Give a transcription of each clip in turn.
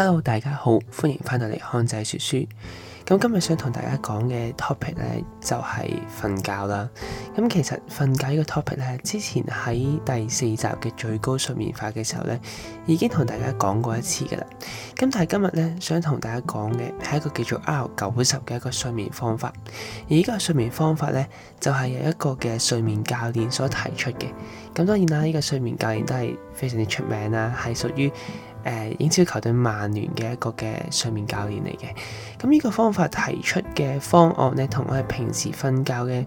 Hello，大家好，歡迎翻到嚟康仔說書。咁今日想同大家講嘅 topic 呢，就係瞓覺啦。咁其實瞓覺呢個 topic 呢，之前喺第四集嘅最高睡眠法嘅時候呢，已經同大家講過一次噶啦。咁但係今日呢，想同大家講嘅係一個叫做 R90 嘅一個睡眠方法。而依個睡眠方法呢，就係由一個嘅睡眠教練所提出嘅。咁當然啦，呢、這個睡眠教練都係非常之出名啦，係屬於。誒英超球隊曼聯嘅一個嘅睡眠教練嚟嘅，咁呢個方法提出嘅方案呢，同我哋平時瞓覺嘅誒、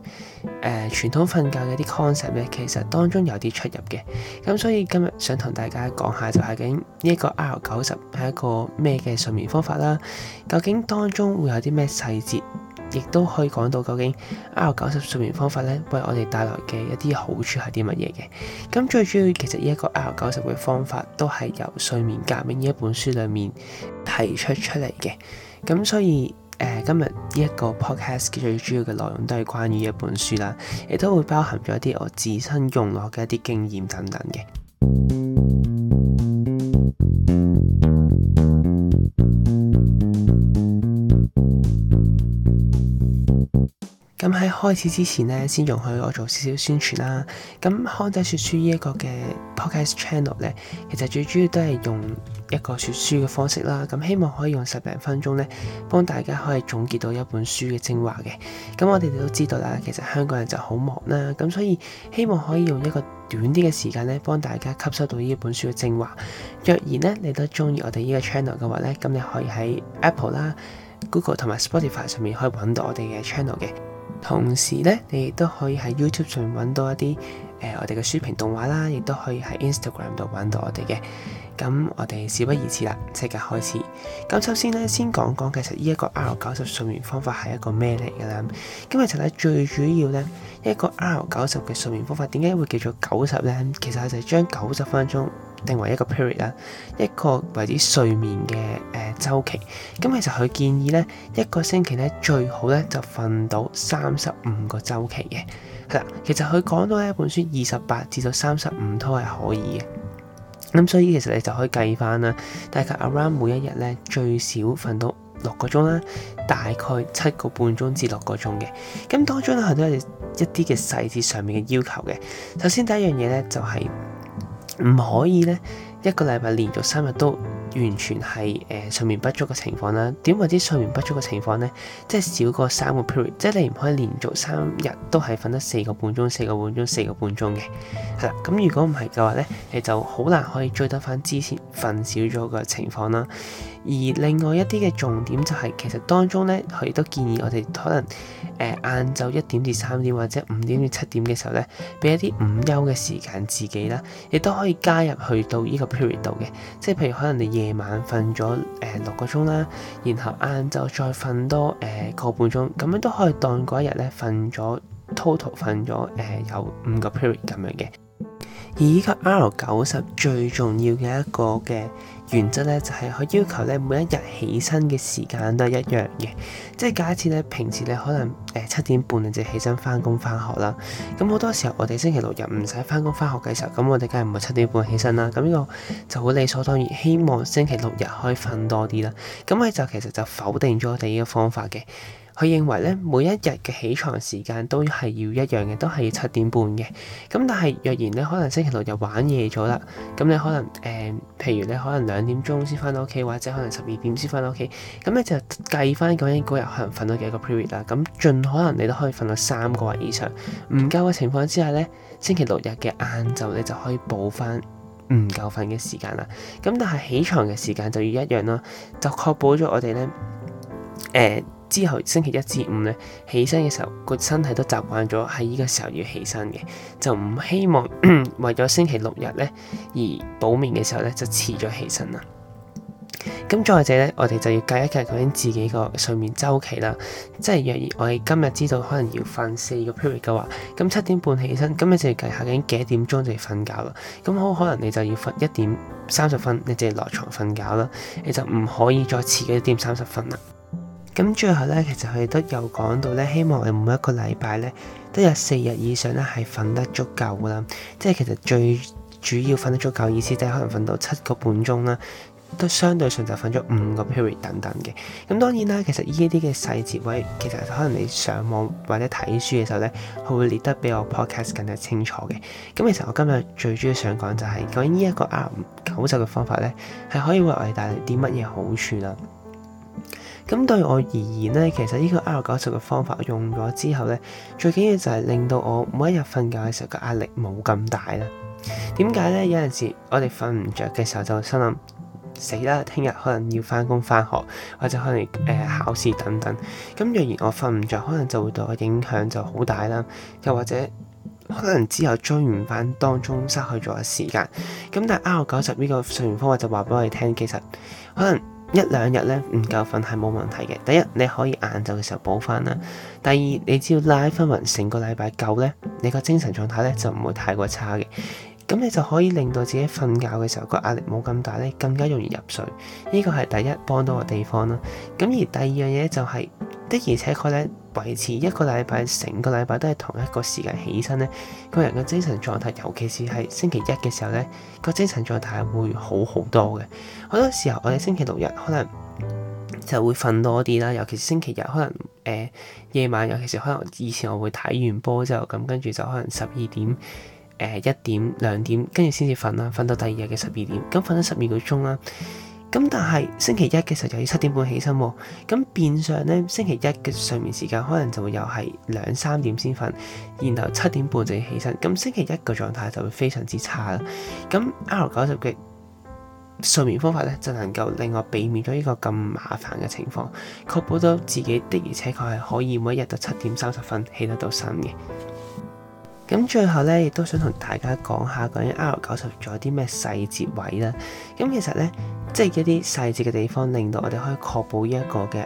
呃、傳統瞓覺嘅啲 concept 呢，其實當中有啲出入嘅，咁所以今日想同大家講下，就係究竟呢一個 R 九十係一個咩嘅睡眠方法啦，究竟當中會有啲咩細節？亦都可以講到究竟 R 九十睡眠方法咧，為我哋帶來嘅一啲好處係啲乜嘢嘅？咁最主要其實呢一個 R 九十嘅方法都係由《睡眠革命》呢一本書裡面提出出嚟嘅。咁所以誒、呃，今日呢一個 podcast 嘅最主要嘅內容都係關於一本書啦，亦都會包含咗一啲我自身用落嘅一啲經驗等等嘅。咁喺開始之前呢，先容許我做少少宣傳啦。咁康仔說書呢一個嘅 Podcast Channel 呢，其實最主要都係用一個說書嘅方式啦。咁希望可以用十零分鐘呢，幫大家可以總結到一本書嘅精華嘅。咁我哋都知道啦，其實香港人就好忙啦，咁所以希望可以用一個短啲嘅時間呢，幫大家吸收到呢本書嘅精華。若然呢，你都中意我哋呢個 channel 嘅話呢，咁你可以喺 Apple 啦。Google 同埋 Spotify 上面可以揾到我哋嘅 channel 嘅，同時呢，你亦都可以喺 YouTube 上面揾到一啲誒、呃、我哋嘅書評動畫啦，亦都可以喺 Instagram 度揾到我哋嘅。咁我哋事不宜遲啦，即刻開始。咁首先呢，先講講其實呢一個 R 九十睡眠方法係一個咩嚟嘅啦？咁其實咧最主要呢，一個 R 九十嘅睡眠方法點解會叫做九十呢？其實就係將九十分鐘。定為一個 period 啦，一個為之睡眠嘅誒週期。咁其實佢建議呢一個星期呢，最好呢就瞓到三十五個周期嘅。嗱，其實佢講到呢本書二十八至到三十五都係可以嘅。咁所以其實你就可以計翻啦，大概 around 每一日呢，最少瞓到六個鐘啦，大概七個半鐘至六個鐘嘅。咁當中呢，佢都有一啲嘅細節上面嘅要求嘅。首先第一樣嘢呢，就係、是。唔可以咧，一個禮拜連續三日都。完全係誒、呃、睡眠不足嘅情況啦。點話啲睡眠不足嘅情況呢？即係少過三個 period，即係你唔可以連續三日都係瞓得四個半鐘、四個半鐘、四個半鐘嘅。係啦，咁如果唔係嘅話呢，你就好難可以追得翻之前瞓少咗嘅情況啦。而另外一啲嘅重點就係、是、其實當中呢，佢亦都建議我哋可能晏晝一點至三點或者五點至七點嘅時候呢，俾一啲午休嘅時間自己啦，亦都可以加入去到呢個 period 度嘅，即係譬如可能你夜晚瞓咗誒六個鐘啦，然後晏晝再瞓多誒、呃、個半鐘，咁樣都可以當嗰一日咧瞓咗 total 瞓咗誒有五個 period 咁樣嘅。而依個 R 九十最重要嘅一個嘅。原則咧就係佢要求咧每一日起身嘅時間都係一樣嘅，即係假設咧平時你可能誒七點半你就起身返工返學啦，咁好多時候我哋星期六日唔使返工返學嘅時候，咁我哋梗係唔會七點半起身啦，咁呢個就好理所當然，希望星期六日可以瞓多啲啦，咁佢就其實就否定咗我哋呢個方法嘅。佢認為咧，每一日嘅起床時間都係要一樣嘅，都係要七點半嘅。咁但係若然咧，可能星期六日玩夜咗啦，咁你可能誒、呃，譬如你可能兩點鐘先翻到屋企，或者可能十二點先翻到屋企，咁你就計翻嗰日可能瞓到幾個 period 啦。咁儘可能你都可以瞓到三個或以上，唔夠嘅情況之下咧，星期六日嘅晏晝你就可以補翻唔夠瞓嘅時間啦。咁但係起床嘅時間就要一樣啦，就確保咗我哋咧誒。呃之後星期一至五咧，起身嘅時候個身體都習慣咗喺呢個時候要起身嘅，就唔希望為咗星期六日咧而補眠嘅時候咧就遲咗起身啦。咁再者咧，我哋就要計一計究竟自己個睡眠周期啦。即係若然我哋今日知道可能要瞓四個 period 嘅話，咁七點半起身，咁你就要計下究竟幾點鐘就要瞓覺啦。咁好可能你就要瞓一點三十分，你就要落床瞓覺啦。你就唔可以再遲一點三十分啦。咁最後咧，其實佢哋都有講到咧，希望我哋每一個禮拜咧，都有四日以上咧係瞓得足夠啦。即係其實最主要瞓得足夠意思，即係可能瞓到七個半鐘啦，都相對上就瞓咗五個 period 等等嘅。咁當然啦，其實呢一啲嘅細節位，其實可能你上網或者睇書嘅時候咧，佢會列得比我 podcast 更加清楚嘅。咁其實我今日最主要想講就係講呢一個 R90 嘅方法咧，係可以為我哋帶嚟啲乜嘢好處啊？咁對我而言咧，其實呢個 R 九十嘅方法用咗之後咧，最緊要就係令到我每一日瞓覺嘅時候嘅壓力冇咁大啦。點解咧？有陣時我哋瞓唔着嘅時候就心諗死啦，聽日可能要翻工翻學，或者可能誒、呃、考試等等。咁若然我瞓唔着，可能就會對我影響就好大啦。又或者可能之後追唔翻當中失去咗嘅時間。咁但係 R 九十呢個睡眠方法就話俾我哋聽，其實可能。一兩日咧唔夠瞓係冇問題嘅。第一，你可以晏晝嘅時候補翻啦。第二，你只要拉翻勻成個禮拜夠咧，你個精神狀態咧就唔會太過差嘅。咁你就可以令到自己瞓覺嘅時候個壓力冇咁大咧，更加容易入睡。呢個係第一幫到個地方啦。咁而第二樣嘢就係、是。的而且確咧，維持一個禮拜、成個禮拜都係同一個時間起身咧，個人嘅精神狀態，尤其是係星期一嘅時候咧，個精神狀態會好好多嘅。好多時候，我哋星期六日可能就會瞓多啲啦，尤其是星期日可能誒、呃、夜晚，尤其是可能以前我會睇完波之後咁，跟住就可能十二點誒、呃、一點兩點跟住先至瞓啦，瞓到第二日嘅十二點，咁瞓咗十二個鐘啦。咁但係星期一嘅時候就要七點半起身，咁變相咧星期一嘅睡眠時間可能就會又係兩三點先瞓，然後七點半就要起身，咁星期一嘅狀態就會非常之差啦。咁 R90 嘅睡眠方法咧就能夠令我避免咗呢個咁麻煩嘅情況，確保到自己的而且確係可以每一日到七點三十分起得到身嘅。咁最後咧亦都想同大家講下究竟 R90 仲有啲咩細節位啦。咁其實咧。即係一啲細節嘅地方，令到我哋可以確保一個嘅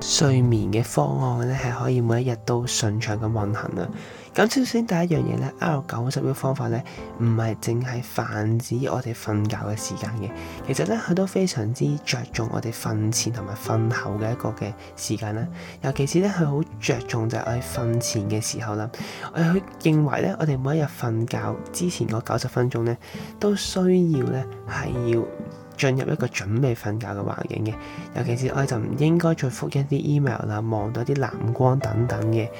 睡眠嘅方案咧，係可以每一日都順暢咁運行啊。咁首先第一樣嘢咧，R 九十嘅方法咧，唔係淨係泛指我哋瞓覺嘅時間嘅，其實咧佢都非常之着重我哋瞓前同埋瞓後嘅一個嘅時間咧。尤其是咧，佢好着重就係我哋瞓前嘅時候啦。我哋佢認為咧，我哋每一日瞓覺之前嗰九十分鐘咧，都需要咧係要。進入一個準備瞓覺嘅環境嘅，尤其是我哋就唔應該再覆一啲 email 啦，望到啲藍光等等嘅，誒、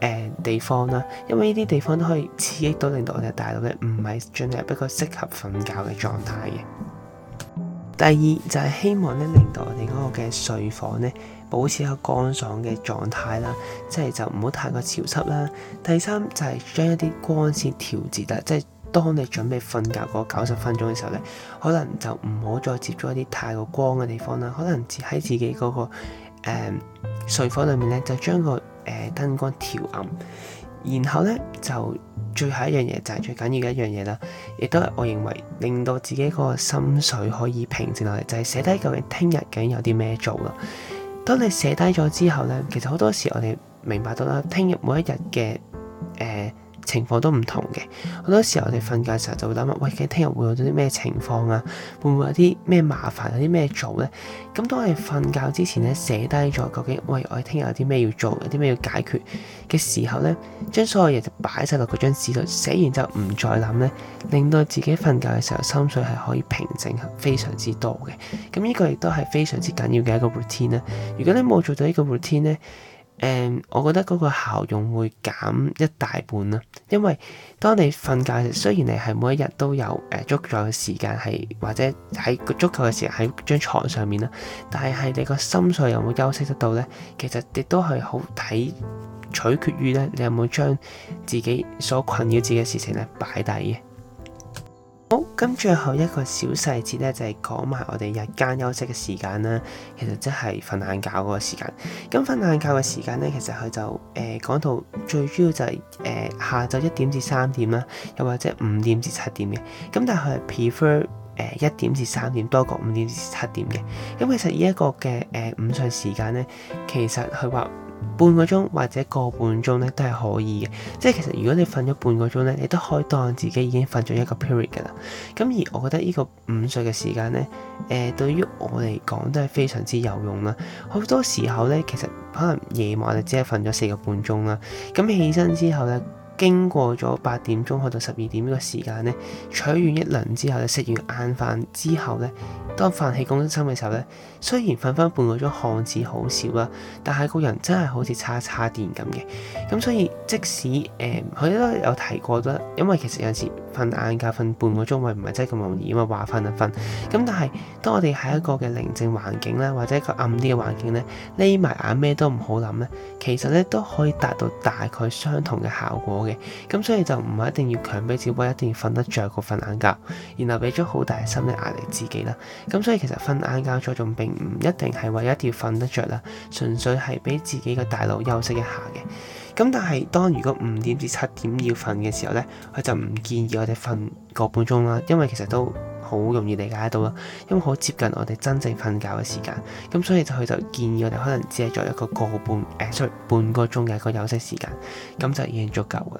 呃、地方啦，因為呢啲地方都可以刺激到，令到我哋大腦咧唔係進入一個適合瞓覺嘅狀態嘅。第二就係、是、希望咧，令到我哋嗰個嘅睡房咧保持一個乾爽嘅狀態啦，即係就唔好太過潮濕啦。第三就係、是、將一啲光線調節得即係。當你準備瞓覺嗰九十分鐘嘅時候咧，可能就唔好再接觸一啲太過光嘅地方啦。可能喺自己嗰、個誒睡房裏面咧，就將、個誒、呃、燈光調暗。然後咧，就最後一樣嘢就係、係、最緊要嘅一樣嘢啦，亦都係我認為令到自己嗰個心緒可以平靜落嚟，就係、係、寫低究竟聽日究竟有啲咩做啦。當你寫低咗之後咧，其實好多時我哋明白到啦，聽日每一日嘅誒。呃情況都唔同嘅，好多時候我哋瞓覺嘅時候就會諗啊，喂，聽日會有啲咩情況啊？會唔會有啲咩麻煩，有啲咩做呢？咁當我哋瞓覺之前呢，寫低咗究竟，喂，我哋聽日有啲咩要做，有啲咩要解決嘅時候呢，將所有嘢就擺晒落嗰張紙度，寫完之後唔再諗呢。令到自己瞓覺嘅時候心緒係可以平靜，非常之多嘅。咁呢個亦都係非常之緊要嘅一個 routine 咧。如果你冇做到呢個 routine 呢。誒、嗯，我覺得嗰個效用會減一大半啦，因為當你瞓覺，雖然你係每一日都有誒足夠嘅時間係或者喺足夠嘅時間喺張床上面啦，但係你個心緒有冇休息得到咧，其實亦都係好睇取決於咧，你有冇將自己所困擾自己嘅事情咧擺低嘅。好，咁最後一個小細節咧，就係講埋我哋日間休息嘅時間啦。其實即係瞓晏覺嗰個時間。咁瞓晏覺嘅時間咧，其實佢就誒講、呃、到最主要就係、是、誒、呃、下晝一點至三點啦，又或者五點至七點嘅。咁但係佢係 prefer 誒一、呃、點至三點多過五點至七點嘅。咁其實呢一個嘅誒、呃、午睡時間咧，其實佢話。半個鐘或者個半鐘咧都係可以嘅，即係其實如果你瞓咗半個鐘咧，你都可以當自己已經瞓咗一個 period 㗎啦。咁而我覺得呢個午睡嘅時間咧，誒、呃、對於我嚟講都係非常之有用啦。好多時候咧，其實可能夜晚你只係瞓咗四個半鐘啦。咁起身之後咧，經過咗八點鐘去到十二點呢個時間咧，取完一輪之後，食完晏飯之後咧。當犯起功的嘅時候呢，雖然瞓翻半個鐘，汗字好少啦，但係個人真係好似叉叉電咁嘅。咁所以即使誒，佢、呃、都有提過啦，因為其實有陣時瞓晏覺瞓半個鐘，咪唔係真係咁容易嘅嘛。話瞓就瞓。咁但係當我哋喺一個嘅寧靜環境啦，或者一個暗啲嘅環境呢，匿埋眼咩都唔好諗呢，其實呢都可以達到大概相同嘅效果嘅。咁所以就唔係一定要強逼自己一定要瞓得着過瞓晏覺，然後俾咗好大嘅心理壓力自己啦。咁所以其實瞓晏覺咗仲並唔一定係為一定要瞓得着啦，純粹係俾自己個大腦休息一下嘅。咁但係當如果五點至七點要瞓嘅時候呢，佢就唔建議我哋瞓個半鐘啦，因為其實都好容易理解到啦，因為好接近我哋真正瞓覺嘅時間。咁所以就佢就建議我哋可能只係做一個，一個個半誒，sorry，半個鐘嘅一個休息時間咁就已經足夠嘅。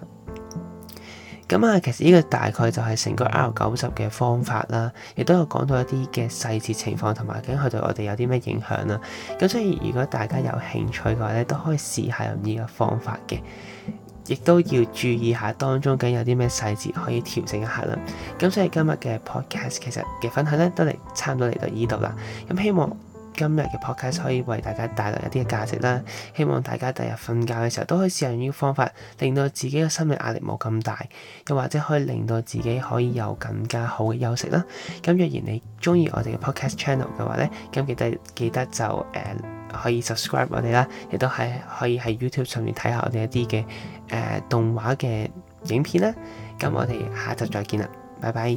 咁啊，其實呢個大概就係成個 R90 嘅方法啦，亦都有講到一啲嘅細節情況同埋，究竟佢對我哋有啲咩影響啦。咁所以如果大家有興趣嘅話咧，都可以試下用呢個方法嘅，亦都要注意下當中究竟有啲咩細節可以調整一下啦。咁所以今日嘅 podcast 其實嘅分享咧都嚟差唔多嚟到呢度啦。咁希望～今日嘅 podcast 可以為大家帶來一啲嘅價值啦，希望大家第日瞓覺嘅時候都可以試下用呢個方法，令到自己嘅心理壓力冇咁大，又或者可以令到自己可以有更加好嘅休息啦。咁若然你中意我哋嘅 podcast channel 嘅話咧，咁記得記得就誒可以 subscribe 我哋啦，亦都係可以喺 YouTube 上面睇下我哋一啲嘅誒動畫嘅影片啦。咁我哋下集再見啦，拜拜。